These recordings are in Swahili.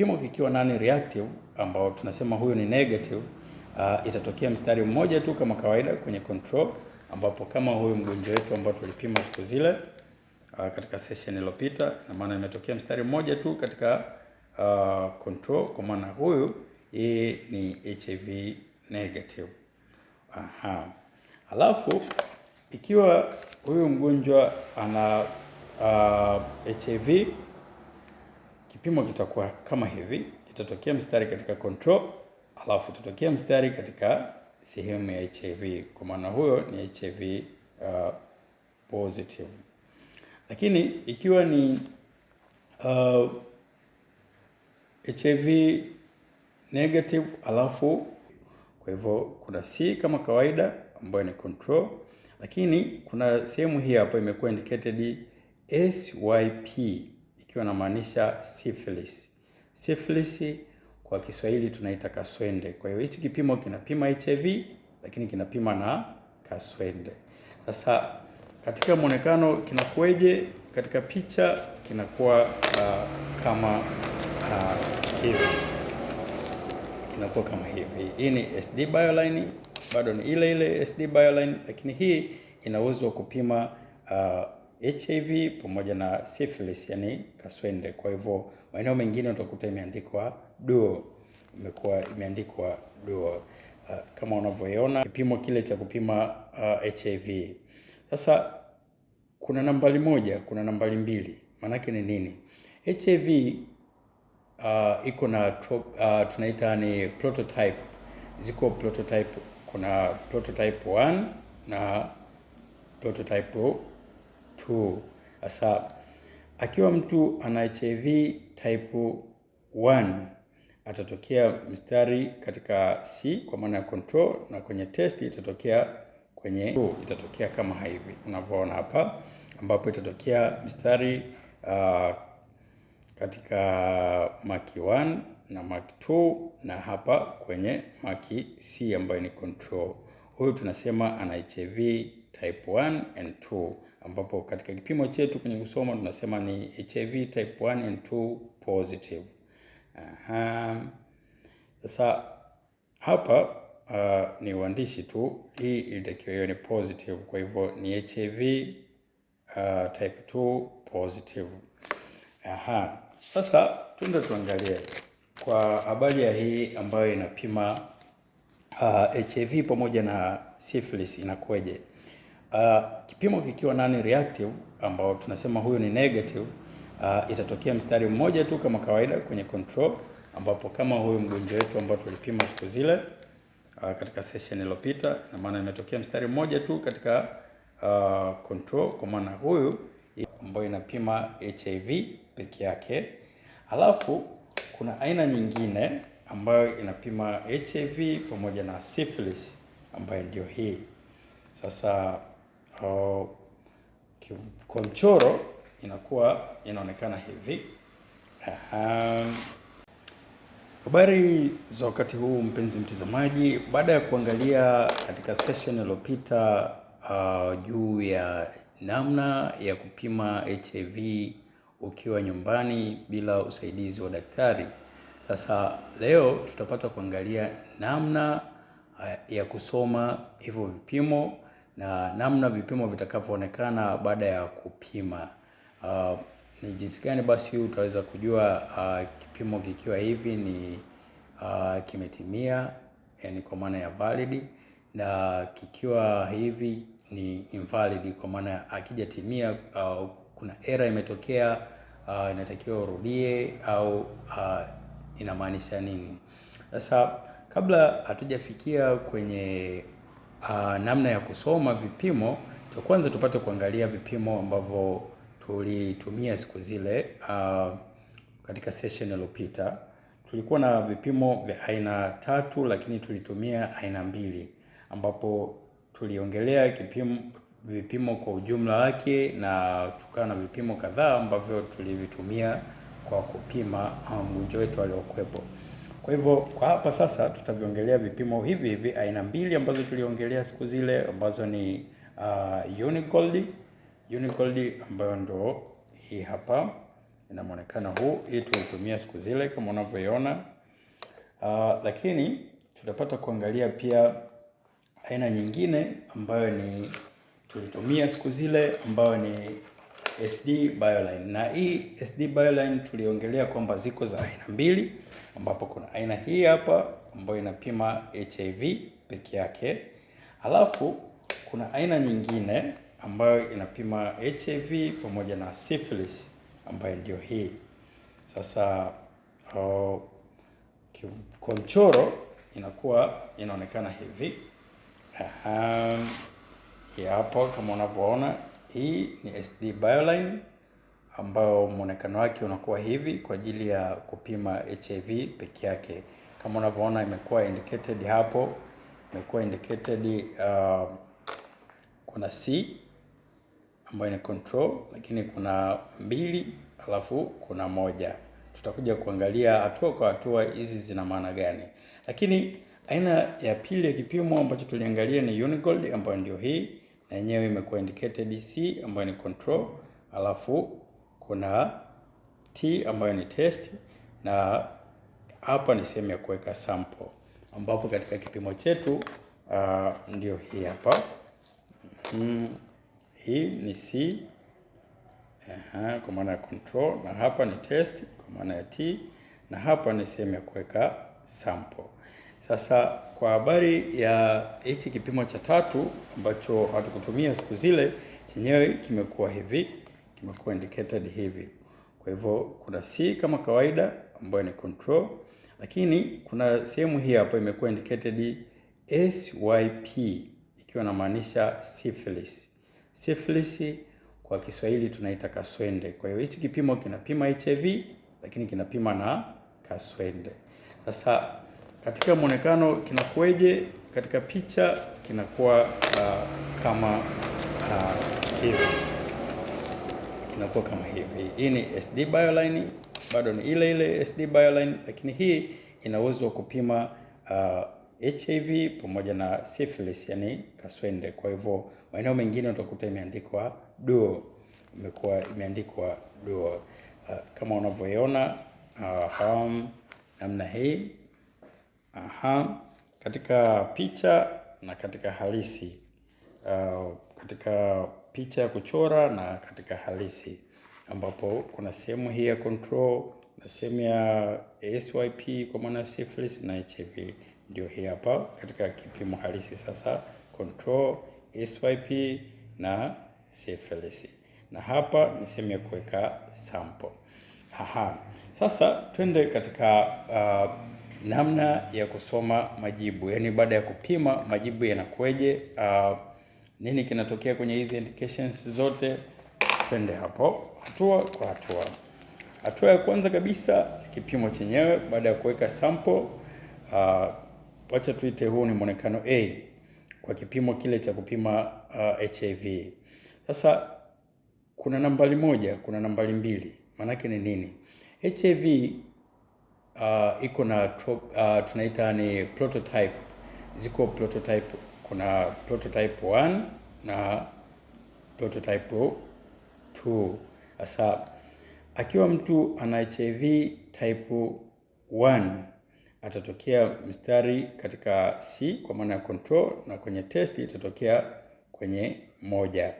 Kipimo kikiwa nani reactive ambao tunasema huyo ni negative, uh, itatokea mstari mmoja tu kama kawaida kwenye control, ambapo kama huyo mgonjwa wetu ambao tulipima siku zile uh, katika session iliyopita, na maana imetokea mstari mmoja tu katika uh, control, kwa maana huyu hii ni HIV negative. Aha. Alafu ikiwa huyu mgonjwa ana uh, HIV Kipimo kitakuwa kama hivi, itatokea mstari katika control, alafu itatokea mstari katika sehemu ya HIV, kwa maana huyo ni HIV uh, positive. Lakini ikiwa ni uh, HIV negative, alafu kwa hivyo kuna C kama kawaida ambayo ni control, lakini kuna sehemu hii hapa imekuwa indicated SYP ikiwa namaanisha syphilis. Syphilis kwa Kiswahili tunaita kaswende. Kwa hiyo hichi kipimo kinapima HIV lakini kinapima na kaswende. Sasa katika mwonekano kinakuweje? Katika picha kinakuwa uh, kama uh, hivi kinakuwa kama hivi. Hii ni SD Bioline, bado ni ile ile SD Bioline, lakini hii inaweza kupima uh, HIV pamoja na syphilis, yani kaswende. Kwa hivyo maeneo mengine utakuta imeandikwa duo, imekuwa imeandikwa duo uh, kama unavyoiona kipimo kile cha kupima uh, ah, HIV. Sasa kuna nambari moja, kuna nambari mbili, maanake ni nini? HIV uh, ah, iko na uh, tunaita ni prototype, ziko prototype, kuna prototype 1 na prototype tu. Asa, akiwa mtu ana HIV type 1 atatokea mstari katika C kwa maana ya control, na kwenye test itatokea kwenye itatokea kama hivi unavyoona hapa, ambapo itatokea mstari uh, katika mark 1 na mark 2 na hapa kwenye mark C ambayo ni control. Huyu tunasema ana HIV type 1 and 2 ambapo katika kipimo chetu kwenye kusoma tunasema ni HIV type 1 and 2 positive. Aha. Sasa hapa uh, ni uandishi tu, hii ilitakiwa hiyo ni positive, kwa hivyo ni HIV uh, ah, type 2 positive. Aha. Sasa tuende tuangalie kwa habari ya hii ambayo inapima uh, ah, HIV pamoja na syphilis inakuwaje? Uh, Kipimo kikiwa nani reactive ambao tunasema huyu ni negative, uh, itatokea mstari mmoja tu kama kawaida kwenye control, ambapo kama huyu mgonjwa wetu ambao tulipima siku zile uh, katika session iliyopita, na maana imetokea mstari mmoja tu katika uh, control, kwa maana huyu ambayo inapima HIV peke yake. Halafu kuna aina nyingine ambayo inapima HIV pamoja na syphilis ambayo ndio hii sasa kwa mchoro inakuwa inaonekana hivi. Habari za wakati huu mpenzi mtazamaji, baada ya kuangalia katika session iliyopita uh, juu ya namna ya kupima HIV ukiwa nyumbani bila usaidizi wa daktari, sasa leo tutapata kuangalia namna uh, ya kusoma hivyo vipimo na namna vipimo vitakavyoonekana baada ya kupima. Uh, ni jinsi gani basi utaweza kujua uh, kipimo kikiwa hivi ni uh, kimetimia, yani kwa maana ya valid, na kikiwa hivi ni invalid, kwa maana akijatimia, uh, kuna error imetokea, uh, inatakiwa urudie au uh, inamaanisha nini? Sasa kabla hatujafikia kwenye uh, namna ya kusoma vipimo, cha kwanza tupate kuangalia vipimo ambavyo tulitumia siku zile. Uh, katika session iliyopita tulikuwa na vipimo vya aina tatu, lakini tulitumia aina mbili, ambapo tuliongelea kipimo vipimo kwa ujumla wake na tukawa na vipimo kadhaa ambavyo tulivitumia kwa kupima ah, mgonjwa um, wetu aliokuwepo. Kwa hivyo kwa hapa sasa tutaviongelea vipimo hivi hivi aina mbili ambazo tuliongelea siku zile ambazo ni uh, Unicold. Unicold ambayo ndo hii hapa ina muonekano huu, hii tulitumia siku zile kama unavyoiona. Uh, lakini tutapata kuangalia pia aina nyingine ambayo ni tulitumia siku zile ambayo ni SD Bioline. Na hii SD Bioline tuliongelea kwamba ziko za aina mbili, ambapo kuna aina hii hapa ambayo inapima HIV peke yake, alafu kuna aina nyingine ambayo inapima HIV pamoja na syphilis ambayo ndio hii sasa. Oh, uh, kwa mchoro inakuwa inaonekana hivi. Aha, hapo kama unavyoona hii ni SD Bioline ambayo mwonekano wake unakuwa hivi kwa ajili ya kupima HIV peke yake. Kama unavyoona imekuwa indicated hapo, imekuwa indicated uh, kuna C ambayo ni control, lakini kuna mbili alafu kuna moja. Tutakuja kuangalia hatua kwa hatua hizi zina maana gani, lakini aina ya pili ya kipimo ambacho tuliangalia ni Unigold ambayo ndio hii na yenyewe imekuwa indicated C ambayo ni control, alafu kuna T ambayo ni test, na hapa ni sehemu ya kuweka sample, ambapo katika kipimo chetu uh, ndio hii hapa mm, hii ni C Aha, kwa maana ya control na hapa ni test kwa maana ya T na hapa ni sehemu ya kuweka sample. Sasa kwa habari ya hichi kipimo cha tatu ambacho hatukutumia siku zile, chenyewe kimekuwa hivi, kimekuwa indicated hivi. Kwa hivyo kuna C kama kawaida ambayo ni control, lakini kuna sehemu hii hapa imekuwa indicated SYP ikiwa inamaanisha syphilis. Syphilis kwa Kiswahili tunaita kaswende. Kwa hiyo hichi kipimo kinapima HIV lakini kinapima na kaswende. Sasa katika mwonekano kinakuweje, katika picha kinakuwa uh, kama uh, hivi kinakuwa kama hivi. Hii ni SD Bioline, bado ni ile ile SD Bioline, lakini hii ina uwezo wa kupima uh, HIV pamoja na syphilis, yani kaswende. Kwa hivyo maeneo mengine utakuta imeandikwa duo, imekuwa imeandikwa duo uh, kama unavyoiona uh, um, namna hii Aha, katika picha na katika halisi. Uh, katika picha ya kuchora na katika halisi, ambapo kuna sehemu hii ya control na sehemu ya SYP kwa maana syphilis na HIV, ndio hii hapa katika kipimo halisi. Sasa control, SYP na syphilis, na hapa ni sehemu ya kuweka sample. Aha, sasa twende katika uh, namna ya kusoma majibu, yaani baada ya kupima majibu yanakueje, uh, ah, nini kinatokea kwenye hizi indications zote. Twende hapo hatua kwa hatua. Hatua ya kwanza kabisa ni kipimo chenyewe. Baada ya kuweka sample, ah, wacha tuite huu ni mwonekano A kwa kipimo kile cha kupima uh, ah, HIV. Sasa kuna nambari moja, kuna nambari mbili, maanake ni nini? HIV uh, iko na uh, tunaita ni prototype. Ziko prototype, kuna prototype 1 na prototype 2. Sasa akiwa mtu ana HIV type 1 atatokea mstari katika C kwa maana ya control, na kwenye test itatokea kwenye moja,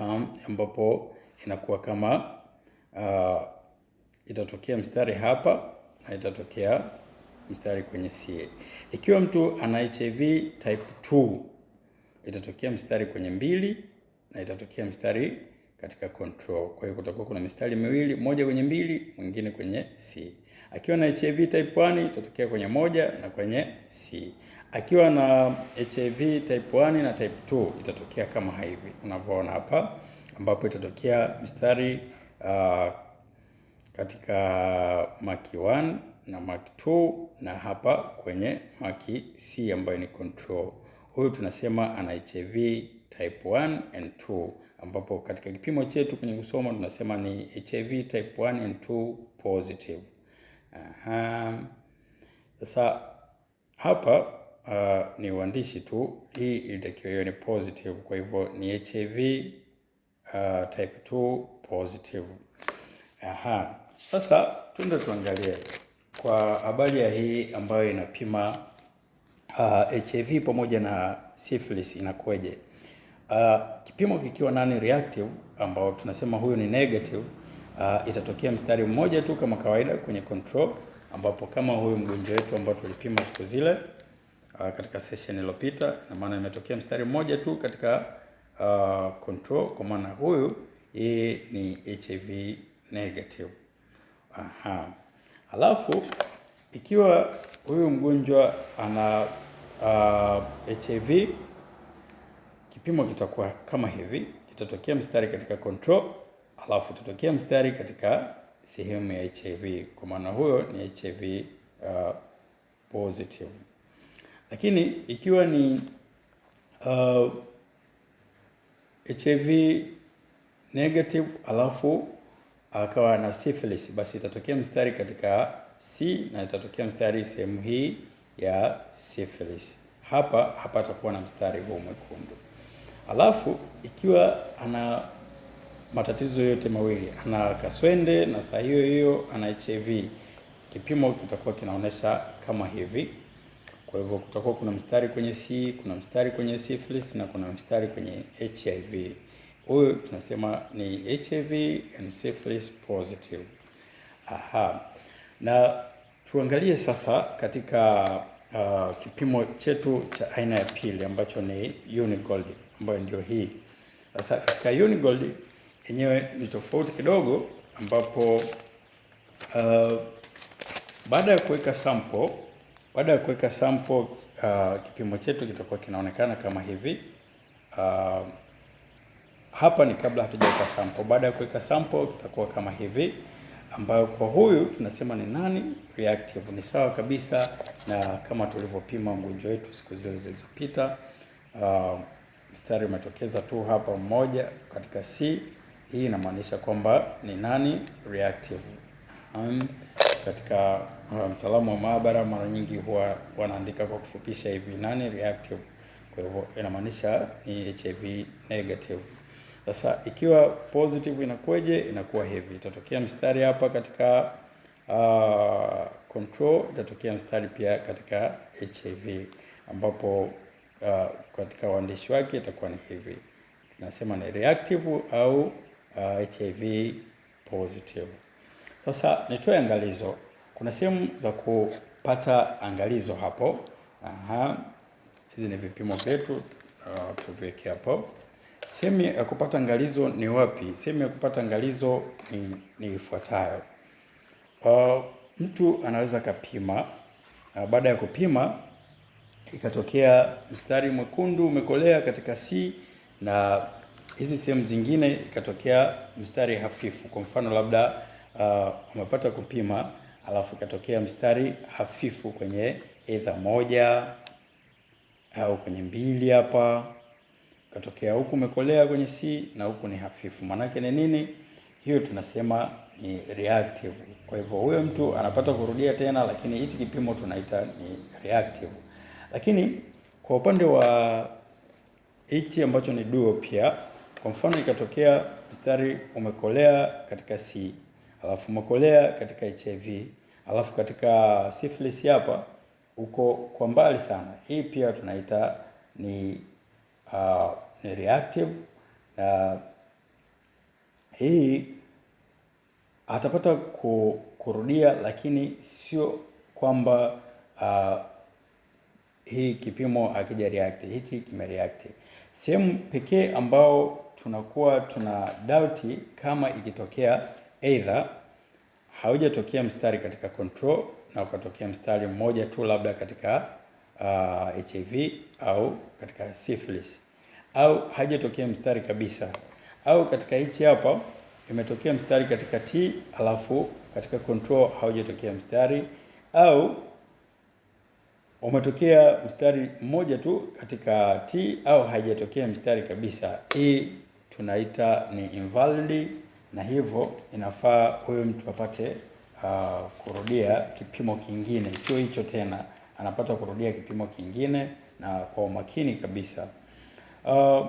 uh, ambapo inakuwa kama uh, itatokea mstari hapa na itatokea mstari kwenye CA. Ikiwa mtu ana HIV type 2 itatokea mstari kwenye mbili na itatokea mstari katika control. Kwa hiyo kutakuwa kuna mistari miwili, moja kwenye mbili, mwingine kwenye C. Akiwa na HIV type 1 itatokea kwenye moja na kwenye C. Akiwa na HIV type 1 na type 2 itatokea kama hivi unavyoona hapa, ambapo itatokea mstari uh, katika maki 1 na maki 2 na hapa kwenye maki C ambayo ni control. Huyu tunasema ana HIV type 1 and 2, ambapo katika kipimo chetu kwenye kusoma tunasema ni HIV type 1 and 2 positive. Aha. Sasa hapa uh, ni uandishi tu, hii ilitakiwa hiyo ni positive, kwa hivyo ni HIV uh, ah, type 2 positive. Aha. Sasa tuende tuangalie kwa habari ya hii ambayo inapima uh, ah, HIV pamoja na syphilis inakuwaje? Uh, kipimo kikiwa nani reactive ambao tunasema huyu ni negative uh, itatokea mstari mmoja tu kama kawaida kwenye control, ambapo kama huyu mgonjwa wetu ambao tulipima siku zile uh, katika session iliyopita, na maana imetokea mstari mmoja tu katika uh, control, kwa maana huyu ni HIV negative. Aha. Alafu ikiwa huyu mgonjwa ana uh, HIV kipimo kitakuwa kama hivi, itatokea mstari katika control, alafu itatokea mstari katika sehemu ya HIV, kwa maana huyo ni HIV uh, positive. Lakini ikiwa ni uh, HIV negative alafu akawa na syphilis, basi itatokea mstari katika C na itatokea mstari sehemu hii ya syphilis. Hapa hapatakuwa na mstari huu mwekundu. Alafu ikiwa ana matatizo yote mawili, ana kaswende na saa hiyo hiyo ana HIV, kipimo kitakuwa kinaonyesha kama hivi. Kwa hivyo kutakuwa kuna mstari kwenye C, kuna mstari kwenye syphilis na kuna mstari kwenye HIV. Huyu tunasema ni HIV and syphilis positive. Aha. Na tuangalie sasa katika uh, kipimo chetu cha aina ya pili ambacho ni Unigold ambayo ndio hii. Sasa katika Unigold yenyewe ni tofauti kidogo ambapo uh, baada ya kuweka sample baada ya kuweka sample uh, kipimo chetu kitakuwa kinaonekana kama hivi uh, hapa ni kabla hatujaweka sample. Baada ya kuweka sample kitakuwa kama hivi, ambayo kwa huyu tunasema ni nani reactive, ni sawa kabisa na kama tulivyopima mgonjwa wetu siku zile zilizopita. Uh, mstari umetokeza tu hapa mmoja katika C. Hii inamaanisha kwamba ni nani reactive. Um, katika uh, mtaalamu wa maabara mara nyingi huwa wanaandika kwa kufupisha hivi nani reactive, kwa hivyo inamaanisha ni HIV negative. Sasa ikiwa positive inakuwaje? Inakuwa hivi, itatokea mstari hapa katika uh, control, itatokea mstari pia katika HIV ambapo uh, katika uandishi wake itakuwa ni hivi, tunasema ni reactive au uh, ah, HIV positive. Sasa nitoe angalizo, kuna sehemu za kupata angalizo hapo. Aha, hizi ni vipimo vyetu uh, tuviweke hapo. Sehemu ya kupata angalizo ni wapi? Sehemu ya kupata angalizo ni, ni ifuatayo. Uh, mtu anaweza kapima uh, baada ya kupima ikatokea mstari mwekundu umekolea katika C na hizi sehemu zingine ikatokea mstari hafifu. Kwa mfano labda uh, umepata kupima alafu ikatokea mstari hafifu kwenye edha moja au kwenye mbili hapa katokea huku umekolea kwenye C na huku ni hafifu. Maanake ni nini? Hiyo tunasema ni reactive. Kwa hivyo huyo mtu anapata kurudia tena, lakini hichi kipimo tunaita ni reactive. Lakini kwa upande wa hichi ambacho ni duo pia, kwa mfano ikatokea mstari umekolea katika C alafu umekolea katika HIV alafu katika syphilis hapa uko kwa mbali sana, hii pia tunaita ni uh, ni reactive, na hii atapata ku, kurudia, lakini sio kwamba uh, hii kipimo akija react hichi react. Sehemu pekee ambao tunakuwa tuna doubt kama ikitokea either haujatokea mstari katika control na ukatokea mstari mmoja tu labda katika uh, ah, HIV au katika syphilis au haijatokea mstari kabisa, au katika hichi hapa imetokea mstari katika T alafu katika control haujatokea mstari, au umetokea mstari mmoja tu katika T au haijatokea mstari kabisa. Hii e tunaita ni invalid, na hivyo inafaa huyo mtu apate uh, kurudia kipimo kingine, sio hicho tena, anapata kurudia kipimo kingine na kwa umakini kabisa. Uh,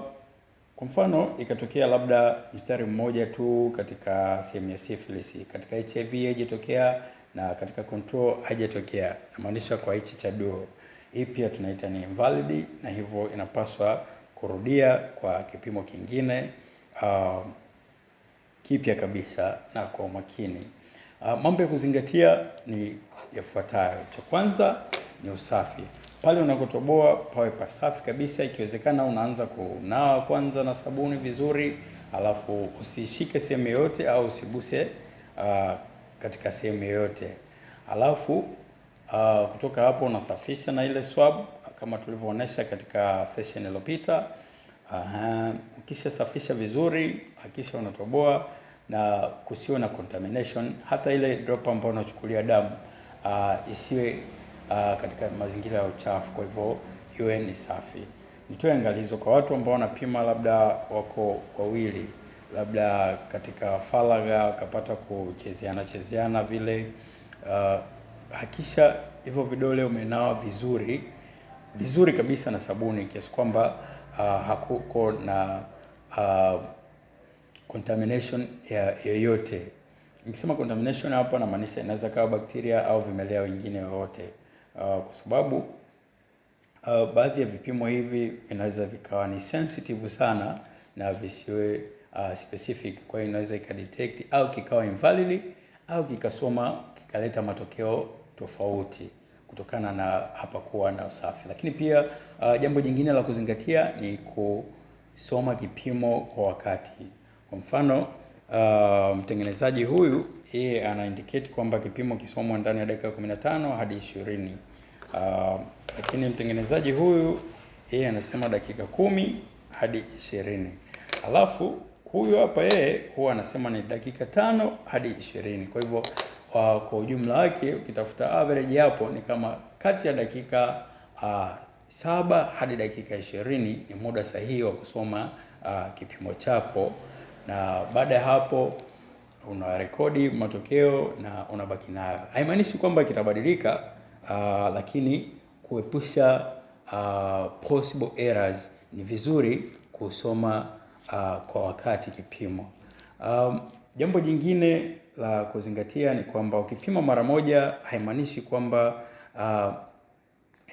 kwa mfano ikatokea labda mstari mmoja tu katika sehemu ya syphilis, katika HIV haijatokea na katika control haijatokea, namaanisha kwa hichi cha duo, hii pia tunaita ni invalid, na hivyo inapaswa kurudia kwa kipimo kingine uh, kipya kabisa na kwa umakini. Uh, mambo ya kuzingatia ni yafuatayo. Cha kwanza ni usafi pale unakotoboa pawe pasafi kabisa. Ikiwezekana unaanza kunawa kwanza na sabuni vizuri, alafu usishike sehemu yoyote au usiguse uh, katika sehemu yoyote, alafu uh, kutoka hapo unasafisha na ile swab kama tulivyoonesha katika session iliyopita. Uh, kisha safisha vizuri, hakisha unatoboa na kusiwe na contamination. Hata ile drop ambayo unachukulia damu uh, isiwe uh, katika mazingira ya uchafu. Kwa hivyo iwe ni safi. Nitoe angalizo kwa watu ambao wanapima, labda wako wawili, labda katika faragha wakapata kuchezeana chezeana vile, uh, hakisha hivyo vidole umenawa vizuri vizuri kabisa na sabuni kiasi kwamba uh, hakuko na uh, contamination yoyote. Nikisema contamination hapa namaanisha inaweza kawa bakteria au vimelea wengine wowote uh, kwa sababu uh, baadhi ya vipimo hivi vinaweza vikawa ni sensitive sana na visiwe uh, specific. Kwa hiyo inaweza ikadetect au kikawa invalid au kikasoma kikaleta matokeo tofauti kutokana na hapakuwa na usafi. Lakini pia uh, jambo jingine la kuzingatia ni kusoma kipimo kwa wakati. Kwa mfano Uh, mtengenezaji huyu yeye ana indicate kwamba kipimo kisomwa ndani ya dakika 15 hadi 20. Uh, lakini mtengenezaji huyu yeye anasema dakika kumi hadi ishirini. Alafu huyu hapa yeye huwa anasema ni dakika tano hadi ishirini. Kwa hivyo uh, kwa ujumla wake ukitafuta average hapo ni kama kati ya dakika uh, saba hadi dakika ishirini ni muda sahihi wa kusoma uh, kipimo chako na baada ya hapo unarekodi matokeo na unabaki nayo. Haimaanishi kwamba kitabadilika, uh, lakini kuepusha uh, possible errors ni vizuri kusoma uh, kwa wakati kipimo. Um, jambo jingine la kuzingatia ni kwamba ukipima mara moja haimaanishi kwamba uh,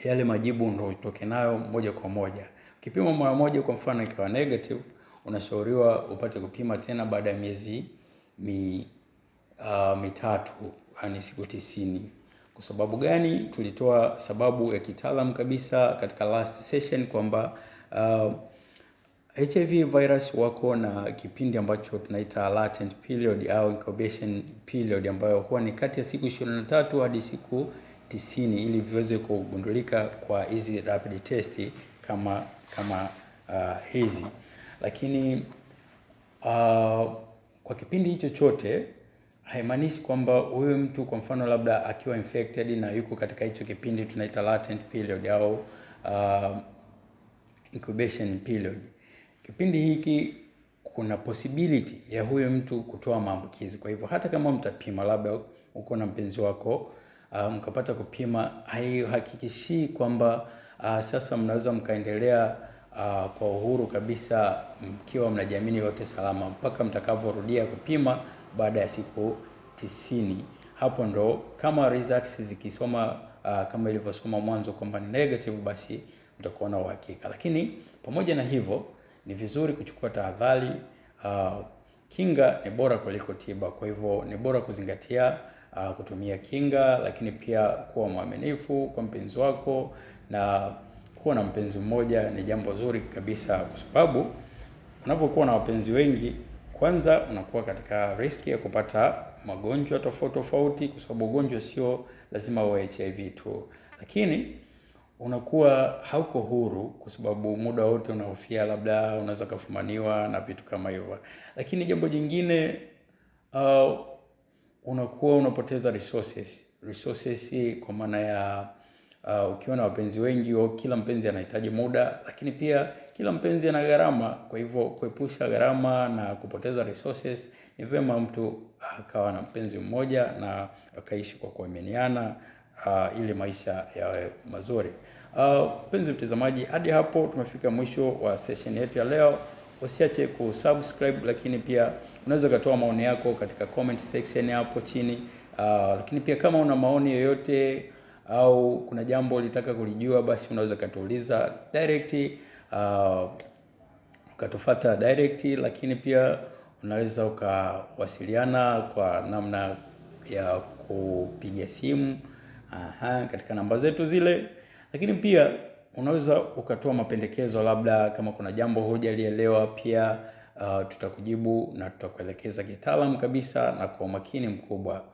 yale majibu ndio utoke nayo moja kwa moja. Ukipima mara moja, kwa mfano, ikawa negative unashauriwa upate kupima tena baada ya miezi mi, uh, mitatu yani siku tisini. Kwa sababu gani? Tulitoa sababu ya kitaalam kabisa katika last session kwamba uh, ah, HIV virus wako na kipindi ambacho tunaita latent period au incubation period ambayo huwa ni kati ya siku 23 hadi siku tisini ili viweze kugundulika kwa hizi rapid test kama kama ah, hizi lakini uh, kwa kipindi hicho chote haimaanishi kwamba huyu mtu kwa mfano labda akiwa infected na yuko katika hicho kipindi tunaita latent period au uh, incubation period. Kipindi hiki kuna possibility ya huyu mtu kutoa maambukizi. Kwa hivyo hata kama mtapima labda uko na mpenzi wako uh, mkapata kupima, haihakikishii kwamba uh, sasa mnaweza mkaendelea uh, kwa uhuru kabisa mkiwa mnajamini yote salama mpaka mtakavyorudia kupima baada ya siku tisini. Hapo ndo kama results zikisoma uh, kama ilivyosoma mwanzo kwamba ni negative, basi mtakuwa na uhakika. Lakini pamoja na hivyo ni vizuri kuchukua tahadhari. Uh, kinga ni bora kuliko tiba, kwa hivyo ni bora kuzingatia uh, kutumia kinga, lakini pia kuwa mwaminifu kwa mpenzi wako na kuwa na mpenzi mmoja ni jambo zuri kabisa, kwa sababu unapokuwa na wapenzi wengi, kwanza unakuwa katika riski ya kupata magonjwa tofauti tofauti, kwa sababu ugonjwa sio lazima wa HIV tu, lakini unakuwa hauko huru kwa sababu muda wote unahofia labda unaweza kafumaniwa na vitu kama hivyo. Lakini jambo jingine uh, unakuwa unapoteza resources resources, kwa maana ya Uh, ukiwa na wapenzi wengi au oh, kila mpenzi anahitaji muda, lakini pia kila mpenzi ana gharama. Kwa hivyo kuepusha gharama na kupoteza resources, ni vema mtu akawa na mpenzi mmoja na akaishi kwa kuaminiana, uh, ili maisha yawe mazuri. Uh, Mpenzi mtazamaji, hadi hapo tumefika mwisho wa session yetu ya leo. Usiache kusubscribe, lakini pia unaweza ukatoa maoni yako katika comment section hapo chini. Uh, lakini pia kama una maoni yoyote au kuna jambo ulitaka kulijua, basi unaweza katuuliza direct uh, ukatufata direct, lakini pia unaweza ukawasiliana kwa namna ya kupiga simu aha, katika namba zetu zile, lakini pia unaweza ukatoa mapendekezo, labda kama kuna jambo hujalielewa pia uh, tutakujibu na tutakuelekeza kitaalamu kabisa na kwa umakini mkubwa.